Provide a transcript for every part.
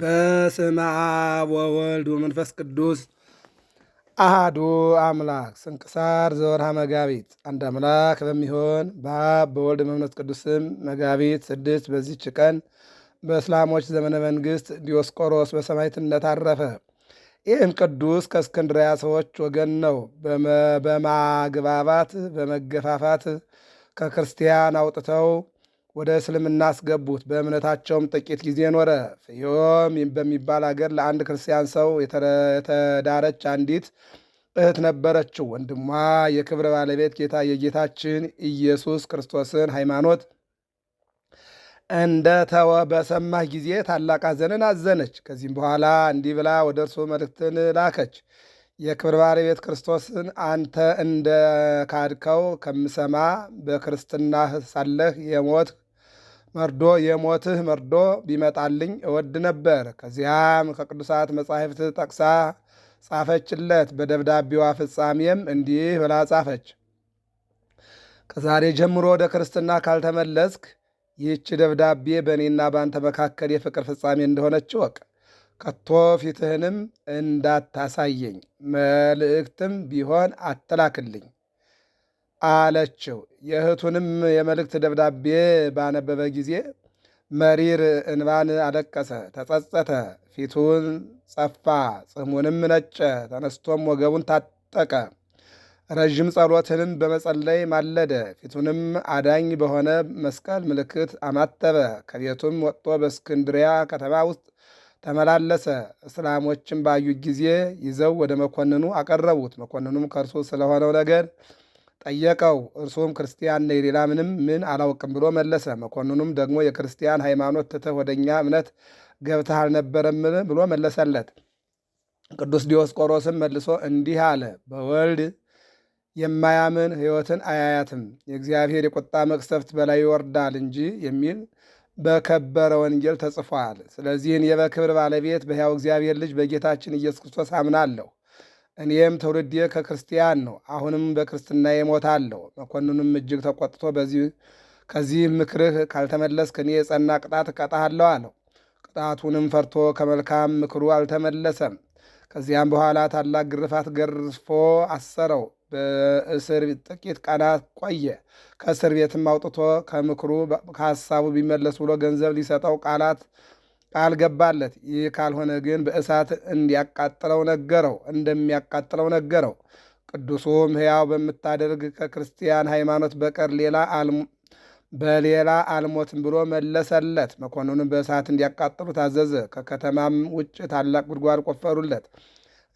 በስመ አብ ወወልድ ወመንፈስ ቅዱስ አሃዱ አምላክ። ስንክሳር ዘወርሃ መጋቢት። አንድ አምላክ በሚሆን በአብ በወልድ በመንፈስ ቅዱስም መጋቢት ስድስት በዚች ቀን በእስላሞች ዘመነ መንግስት ዲዮስቆሮስ በሰማዕትነት አረፈ። ይህም ቅዱስ ከእስክንድሪያ ሰዎች ወገን ነው። በማግባባት በመገፋፋት ከክርስቲያን አውጥተው ወደ እስልምና አስገቡት። በእምነታቸውም ጥቂት ጊዜ ኖረ። ፍዮም በሚባል አገር ለአንድ ክርስቲያን ሰው የተዳረች አንዲት እህት ነበረችው። ወንድሟ የክብር ባለቤት ጌታ የጌታችን ኢየሱስ ክርስቶስን ሃይማኖት እንደ ተወ በሰማህ ጊዜ ታላቅ አዘንን አዘነች። ከዚህም በኋላ እንዲህ ብላ ወደ እርሱ መልእክትን ላከች። የክብር ባለቤት ክርስቶስን አንተ እንደ ካድከው ከምሰማ በክርስትና ሳለህ የሞት መርዶ የሞትህ መርዶ ቢመጣልኝ እወድ ነበር። ከዚያም ከቅዱሳት መጻሕፍት ጠቅሳ ጻፈችለት። በደብዳቤዋ ፍጻሜም እንዲህ ብላ ጻፈች። ከዛሬ ጀምሮ ወደ ክርስትና ካልተመለስክ ይህች ደብዳቤ በእኔና በአንተ መካከል የፍቅር ፍጻሜ እንደሆነች እወቅ። ከቶ ፊትህንም እንዳታሳየኝ፣ መልእክትም ቢሆን አትላክልኝ። አለችው። የእህቱንም የመልእክት ደብዳቤ ባነበበ ጊዜ መሪር እንባን አለቀሰ፣ ተጸጸተ፣ ፊቱን ጸፋ፣ ጽሙንም ነጨ። ተነስቶም ወገቡን ታጠቀ፣ ረዥም ጸሎትንም በመጸለይ ማለደ። ፊቱንም አዳኝ በሆነ መስቀል ምልክት አማተበ። ከቤቱም ወጥቶ በእስክንድሪያ ከተማ ውስጥ ተመላለሰ። እስላሞችን ባዩ ጊዜ ይዘው ወደ መኮንኑ አቀረቡት። መኮንኑም ከእርሱ ስለሆነው ነገር ጠየቀው። እርሱም ክርስቲያን ነኝ፣ ሌላ ምንም ምን አላውቅም ብሎ መለሰ። መኮንኑም ደግሞ የክርስቲያን ሃይማኖት ትተህ ወደ እኛ እምነት ገብተህ አልነበረምን ብሎ መለሰለት። ቅዱስ ዲዮስቆሮስም መልሶ እንዲህ አለ፣ በወልድ የማያምን ሕይወትን አያያትም፣ የእግዚአብሔር የቁጣ መቅሰፍት በላይ ይወርዳል እንጂ የሚል በከበረ ወንጌል ተጽፏል። ስለዚህን የበክብር ባለቤት በሕያው እግዚአብሔር ልጅ በጌታችን ኢየሱስ ክርስቶስ አምናለሁ። እኔም ትውልዴ ከክርስቲያን ነው፣ አሁንም በክርስትና የሞታለሁ መኮንኑም እጅግ ተቆጥቶ ከዚህ ምክርህ ካልተመለስክ እኔ የጸና ቅጣት እቀጣሃለሁ አለው። ቅጣቱንም ፈርቶ ከመልካም ምክሩ አልተመለሰም። ከዚያም በኋላ ታላቅ ግርፋት ገርፎ አሰረው። በእስር ጥቂት ቀናት ቆየ። ከእስር ቤትም አውጥቶ ከምክሩ ከሐሳቡ ቢመለስ ብሎ ገንዘብ ሊሰጠው ቃላት ቃል ገባለት። ይህ ካልሆነ ግን በእሳት እንዲያቃጥለው ነገረው እንደሚያቃጥለው ነገረው። ቅዱሱም ሕያው በምታደርግ ከክርስቲያን ሃይማኖት በቀር ሌላ በሌላ አልሞትም ብሎ መለሰለት። መኮንኑን በእሳት እንዲያቃጥሉ ታዘዘ። ከከተማም ውጭ ታላቅ ጉድጓድ ቆፈሩለት።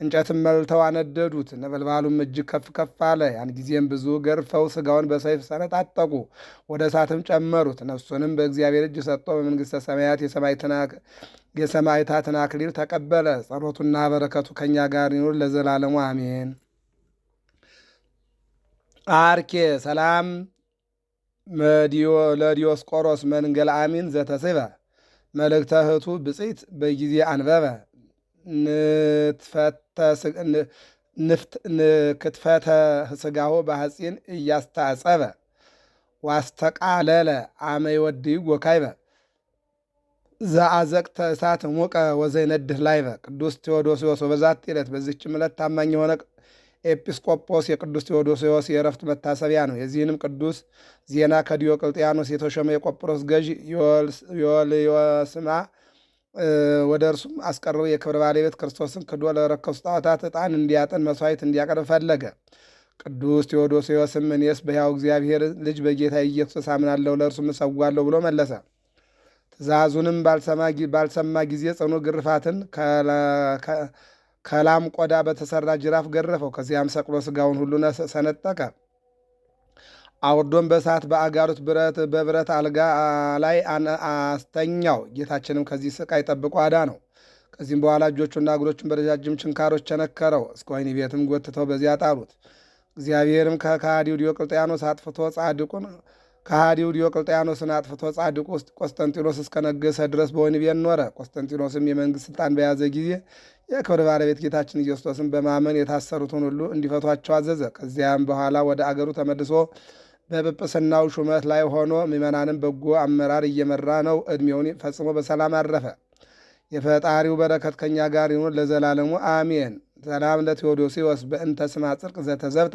እንጨትም መልተው አነደዱት። ነበልባሉም እጅግ ከፍ ከፍ አለ። ያን ጊዜም ብዙ ገርፈው ስጋውን በሰይፍ ሰነጣጠቁ፣ ወደ እሳትም ጨመሩት። ነፍሱንም በእግዚአብሔር እጅ ሰጥቶ በመንግሥተ ሰማያት የሰማዕታትን አክሊል ተቀበለ። ጸሎቱና በረከቱ ከእኛ ጋር ይኑር ለዘላለሙ አሜን። አርኬ ሰላም ለዲዮስቆሮስ መንገል አሚን ዘተስበ መልእክተ እህቱ ብፅት በጊዜ አንበበ ክትፈተ ስጋሆ ባህፂን እያስተጸበ ዋስተቃለለ አመ ወዲ ወካይበ ዘአዘቅተ እሳት ሙቀ ወዘይነድህ ላይበ ቅዱስ ቴዎዶስዮስ። በዛት ዕለት በዚች ዕለት ታማኝ የሆነ ኤጲስቆጶስ የቅዱስ ቴዎዶስዮስ የእረፍት መታሰቢያ ነው። የዚህንም ቅዱስ ዜና ከዲዮቅልጥያኖስ የተሾመ የቆጵሮስ ገዥ ዮልዮስማ ወደ እርሱም አስቀርበው የክብር ባለቤት ክርስቶስን ክዶ ለረከሱ ጣዖታት ዕጣን እንዲያጥን መሥዋዕት እንዲያቀርብ ፈለገ። ቅዱስ ቴዎዶስዮስም እኔስ በሕያው እግዚአብሔር ልጅ በጌታ ኢየሱስ አምናለሁ፣ ለእርሱም እሰዋለሁ ብሎ መለሰ። ትእዛዙንም ባልሰማ ጊዜ ጽኑ ግርፋትን ከላም ቆዳ በተሠራ ጅራፍ ገረፈው። ከዚያም ሰቅሎ ሥጋውን ሁሉ ሰነጠቀ። አውርዶም በእሳት በአጋሩት ብረት በብረት አልጋ ላይ አስተኛው። ጌታችንም ከዚህ ስቃይ ጠብቆ አዳ ነው። ከዚህም በኋላ እጆቹና እግሮቹን በረጃጅም ችንካሮች ቸነከረው። እስከ ወህኒ ቤትም ጎትተው በዚያ ጣሉት። እግዚአብሔርም ከሃዲው ዲዮቅልጥያኖስ አጥፍቶ ጻድቁን ከሃዲው ዲዮቅልጥያኖስን አጥፍቶ ጻድቁ ውስጥ ቆስጠንጢኖስ እስከነገሰ ድረስ በወህኒ ቤት ኖረ። ቆስጠንጢኖስም የመንግሥት ሥልጣን በያዘ ጊዜ የክብር ባለቤት ጌታችን ኢየሱስ ክርስቶስን በማመን የታሰሩትን ሁሉ እንዲፈቷቸው አዘዘ። ከዚያም በኋላ ወደ አገሩ ተመልሶ በጵጵስናው ሹመት ላይ ሆኖ ምዕመናንም በጎ አመራር እየመራ ነው። ዕድሜውን ፈጽሞ በሰላም አረፈ። የፈጣሪው በረከት ከእኛ ጋር ይኑር ለዘላለሙ አሜን። ሰላም ለቴዎዶሲዎስ በእንተ ስማ ጽድቅ ዘተዘብጠ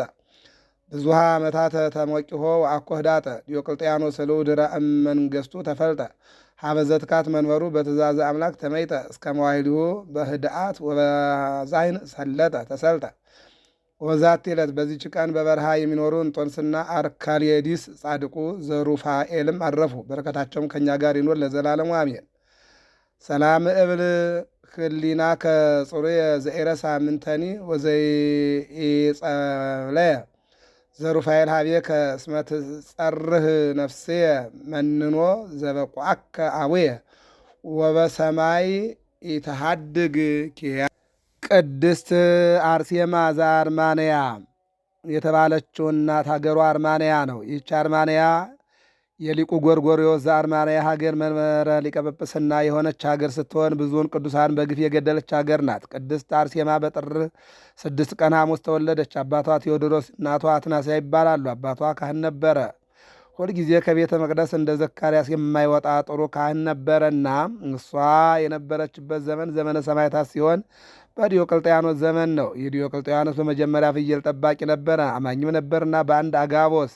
ብዙሃ ዓመታት ተሞቂሆ ወአኮህዳጠ ዲዮቅልጥያኖስ ድረ እመንገስቱ ተፈልጠ ሀበዘትካት መንበሩ በትእዛዘ አምላክ ተመይጠ እስከ መዋይልሁ በህድአት ወበዛይን ሰለጠ ተሰልጠ ወዛት ዕለት በዚች ቀን በበረሃ የሚኖሩ እንጦንስና አርካሌዲስ ጻድቁ ዘሩፋኤልም አረፉ። በረከታቸውም ከእኛ ጋር ይኖር ለዘላለሙ አሜን። ሰላም እብል ህሊና ከጽሩ የዘኤረ ሳምንተኒ ወዘይጸለየ ዘሩፋኤል ሀቤ ከስመት ጸርህ ነፍሴ መንኖ ዘበቋከ አቡየ ወበሰማይ ኢተሃድግ ኪያ ቅድስት አርሴማ ዘአርማንያ የተባለችው እናት ሀገሯ አርማንያ ነው። ይህች አርማንያ የሊቁ ጎርጎርዮስ ዘአርማንያ ሀገር መንበረ ሊቀ የሆነች ሀገር ስትሆን ብዙውን ቅዱሳን በግፍ የገደለች ሀገር ናት። ቅድስት አርሴማ በጥር ስድስት ቀን ሐሙስ ተወለደች። አባቷ ቴዎድሮስ፣ እናቷ አትናስያ ይባላሉ። አባቷ ካህን ነበረ። ሁልጊዜ ከቤተ መቅደስ እንደ ዘካርያስ የማይወጣ ጥሩ ካህን ነበረና እሷ የነበረችበት ዘመን ዘመነ ሰማዕታት ሲሆን በዲዮቅልጥያኖስ ዘመን ነው። ይህ ዲዮቅልጥያኖስ በመጀመሪያ ፍየል ጠባቂ ነበረ፣ አማኝም ነበርና በአንድ አጋቦስ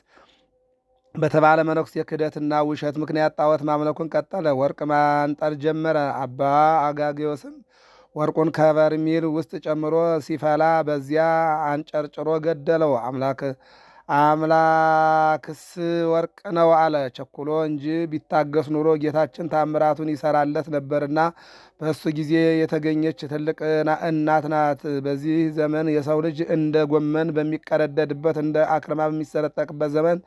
በተባለ መነኩሴ የክደትና ውሸት ምክንያት ጣዖት ማምለኩን ቀጠለ። ወርቅ ማንጠር ጀመረ። አባ አጋጌዎስም ወርቁን ከበርሜል ውስጥ ጨምሮ ሲፈላ በዚያ አንጨርጭሮ ገደለው። አምላክ አምላክስ ወርቅ ነው አለ። ቸኩሎ እንጂ ቢታገስ ኑሮ ጌታችን ታምራቱን ይሰራለት ነበርና በእሱ ጊዜ የተገኘች ትልቅ እናት ናት። በዚህ ዘመን የሰው ልጅ እንደ ጎመን በሚቀረደድበት እንደ አክርማ በሚሰረጠቅበት ዘመን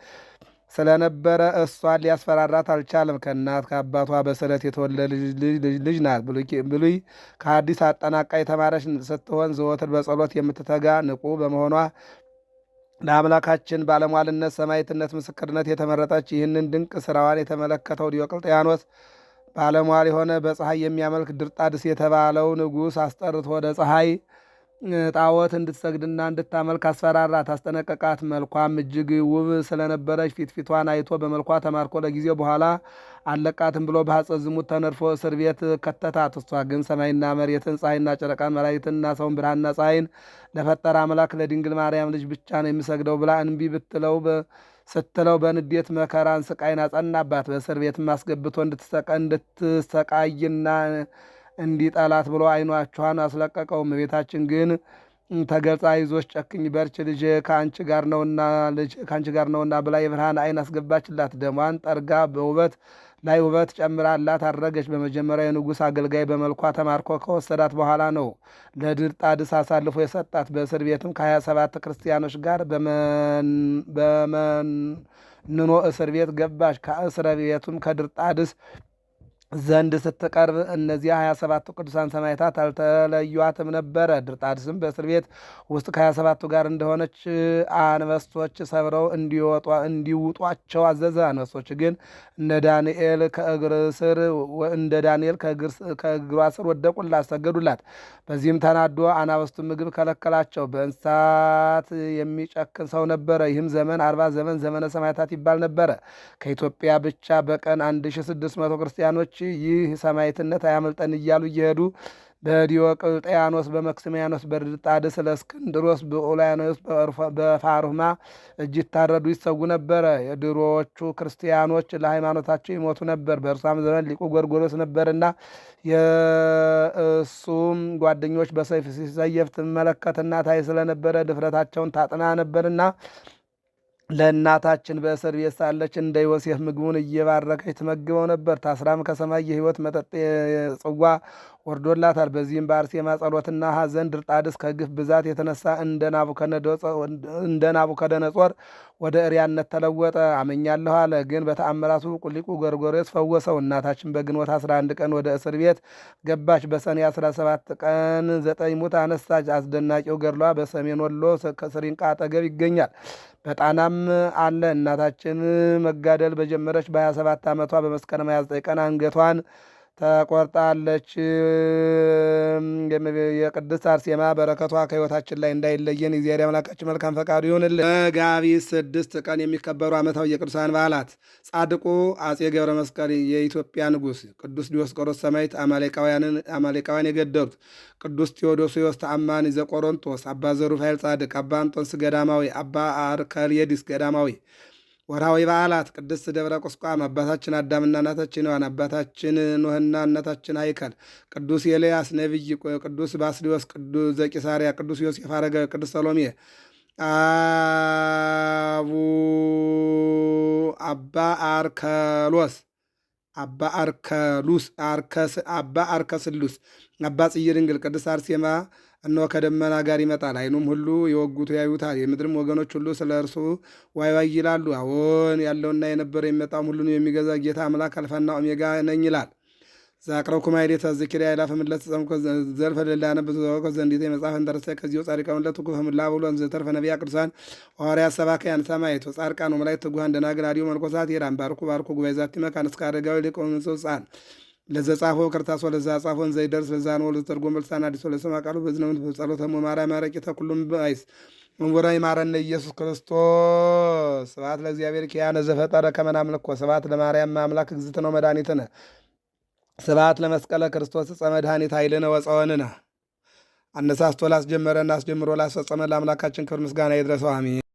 ስለነበረ እሷን ሊያስፈራራት አልቻለም። ከእናት ከአባቷ በስለት የተወለደ ልጅ ናት። ብሉይ ከአዲስ አጠናቃ የተማረች ስትሆን ዘወትር በጸሎት የምትተጋ ንቁ በመሆኗ ለአምላካችን ባለሟልነት ሰማዕትነት ምስክርነት የተመረጠች ይህንን ድንቅ ስራዋን የተመለከተው ዲዮቅልጥያኖስ ባለሟል የሆነ በፀሐይ የሚያመልክ ድርጣድስ የተባለው ንጉሥ አስጠርቶ ወደ ፀሐይ ጣዖት እንድትሰግድና እንድታመልክ አስፈራራት፣ አስጠነቀቃት። መልኳም እጅግ ውብ ስለነበረች ፊት ፊቷን አይቶ በመልኳ ተማርኮ ለጊዜው በኋላ አለቃትም ብሎ በሐጸት ዝሙት ተነድፎ እስር ቤት ከተታት። እሷ ግን ሰማይና መሬትን ፀሐይና ጨረቃን መላይትንና ሰውን ብርሃንና ፀሐይን ለፈጠረ አምላክ ለድንግል ማርያም ልጅ ብቻ ነው የሚሰግደው ብላ እንቢ ብትለው ስትለው በንዴት መከራን ስቃይን አጸናባት። በእስር ቤትም አስገብቶ እንድትሰቃይና እንዲጠላት ብሎ ዓይኗችኋን አስለቀቀውም። እመቤታችን ግን ተገልጻ ይዞች ጨክኝ በርች ልጅ ከአንቺ ጋር ነውና ከአንቺ ጋር ነውና ብላ የብርሃን አይን አስገባችላት። ደሟን ጠርጋ በውበት ላይ ውበት ጨምራላት አድረገች። በመጀመሪያ የንጉሥ አገልጋይ በመልኳ ተማርኮ ከወሰዳት በኋላ ነው ለድርጣ ድስ አሳልፎ የሰጣት። በእስር ቤትም ከሀያ ሰባት ክርስቲያኖች ጋር በመንኖ እስር ቤት ገባች። ከእስረ ቤቱም ከድር ዘንድ ስትቀርብ እነዚህ 27ቱ ቅዱሳን ሰማዕታት አልተለዩአትም ነበረ። ድርጣድስም በእስር ቤት ውስጥ ከ27ቱ ጋር እንደሆነች አንበሶች ሰብረው እንዲውጧቸው አዘዘ። አንበሶች ግን እንደ ዳንኤል ከእግር ስር እንደ ዳንኤል ከእግሯ ስር ወደቁላት፣ ሰገዱላት። በዚህም ተናዶ አናበስቱ ምግብ ከለከላቸው። በእንስሳት የሚጨክን ሰው ነበረ። ይህም ዘመን አርባ ዘመን ዘመነ ሰማዕታት ይባል ነበረ። ከኢትዮጵያ ብቻ በቀን 1600 ክርስቲያኖች ይህ ሰማዕትነት አያመልጠን እያሉ እየሄዱ በዲዮቅልጥያኖስ በመክስሚያኖስ በድርጣድስ ለእስክንድሮስ በኡልያኖስ በፋሩማ እጅ ይታረዱ ይሰጉ ነበረ። የድሮዎቹ ክርስቲያኖች ለሃይማኖታቸው ይሞቱ ነበር። በእርሷም ዘመን ሊቁ ጎርጎርዮስ ነበርና የእሱም ጓደኞች በሰይፍ ሲሰየፍ ትመለከትና ታይ ስለነበረ ድፍረታቸውን ታጥና ነበርና ለእናታችን በእስር ቤት ሳለች እንደ ዮሴፍ ምግቡን እየባረከች ትመግበው ነበር። ታስራም ከሰማይ የሕይወት መጠጥ ጽዋ ወርዶላታል። በዚህም በአርሴማ ጸሎትና ሐዘን ድርጣድስ ከግፍ ብዛት የተነሳ እንደ ናቡከደነጾር ወደ እሪያነት ተለወጠ። አመኛለሁ አለ። ግን በተአምራቱ ቁሊቁ ጎርጎሬስ ፈወሰው። እናታችን በግንቦት 11 ቀን ወደ እስር ቤት ገባች። በሰኔ 17 ቀን ዘጠኝ ሙት አነሳች። አስደናቂው ገድሏ በሰሜን ወሎ ከስሪንቃ አጠገብ ይገኛል። በጣናም አለ። እናታችን መጋደል በጀመረች በ27 ዓመቷ በመስከረም 29 ቀን አንገቷን ተቆርጣለች። የቅድስት አርሴማ በረከቷ ከሕይወታችን ላይ እንዳይለየን እግዚአብሔር አምላካችን መልካም ፈቃዱ ይሁንልን። መጋቢት ስድስት ቀን የሚከበሩ ዓመታዊ የቅዱሳን በዓላት ጻድቁ አጼ ገብረ መስቀል የኢትዮጵያ ንጉሥ፣ ቅዱስ ዲዮስቆሮስ ሰማዕት አማሌቃውያን የገደሉት፣ ቅዱስ ቴዎዶሲዎስ ተአማኒ ዘቆሮንቶስ፣ አባ ዘሩፋኤል ጻድቅ፣ አባ አንጦንስ ገዳማዊ፣ አባ አርከልየዲስ ገዳማዊ ወርሃዊ በዓላት ቅድስት ደብረ ቁስቋም፣ አባታችን አዳምና እናታችን ሔዋን፣ አባታችን ኖህና እናታችን አይከል፣ ቅዱስ ኤልያስ ነቢይ፣ ቅዱስ ባስሊዮስ ቅዱስ ዘቂሳርያ፣ ቅዱስ ዮሴፍ አረገ ቅዱስ ሰሎሜ፣ አቡ አባ አርከሎስ፣ አባ አርከሉስ፣ አባ አርከስሉስ፣ አባ ጽይድንግል፣ ቅዱስ አርሴማ እነሆ ከደመና ጋር ይመጣል፣ ዓይኑም ሁሉ የወጉቱ ያዩታል፣ የምድርም ወገኖች ሁሉ ስለ እርሱ ዋይ ዋይ ይላሉ። አዎን ያለውና የነበረ የሚመጣውም ሁሉን የሚገዛ ጌታ አምላክ አልፋና ኦሜጋ ነኝ ይላል። ዛቅረው ኩማይዴ ዝኪር ያይላፈ ምለት ተጸምኮ ዘልፈ ለላነ በተዘወቀ ዘንዲተ የመጽሐፈ እንተረሰ ከዚሁ ጻድቃን ለቱ ኩፈ ምላ ብሎ ዘተርፈ ነቢያ ቅዱሳን ሐዋርያ ሰባክያን ሰማዕት ጻድቃን ወመላእክት ትጉሃን ደናግል አድዮ መልኮሳት ሄራን ባርኩ ባርኩ ጉባኤ ዛቲ መካን እስከ አረጋዊ ሊቆም ጻን ለዘጻፎ ከርታሶ ወለዛ ጻፎን ዘይደርስ ለዛ ነው ለተርጎ መልሳን አዲሶ ለሰማ ቃሉ በዝነው ጸሎተ ሞማራ ማረቂ ተኩሉም ባይስ መንጎራ ይማረነ ኢየሱስ ክርስቶስ ስብሐት ለእግዚአብሔር ኪያነ ዘፈጠረ ከመ አምልኮ ስብሐት ለማርያም ማምላክ አምላክ ነው መድኃኒትነ ስብሐት ለመስቀለ ክርስቶስ ዕፀ መድኃኒት ኃይልነ ወፀወንነ አነሳስቶ ላስጀመረን አስጀምሮ ላስፈጸመን ለአምላካችን ክብር ምስጋና ይድረሰው አሜን።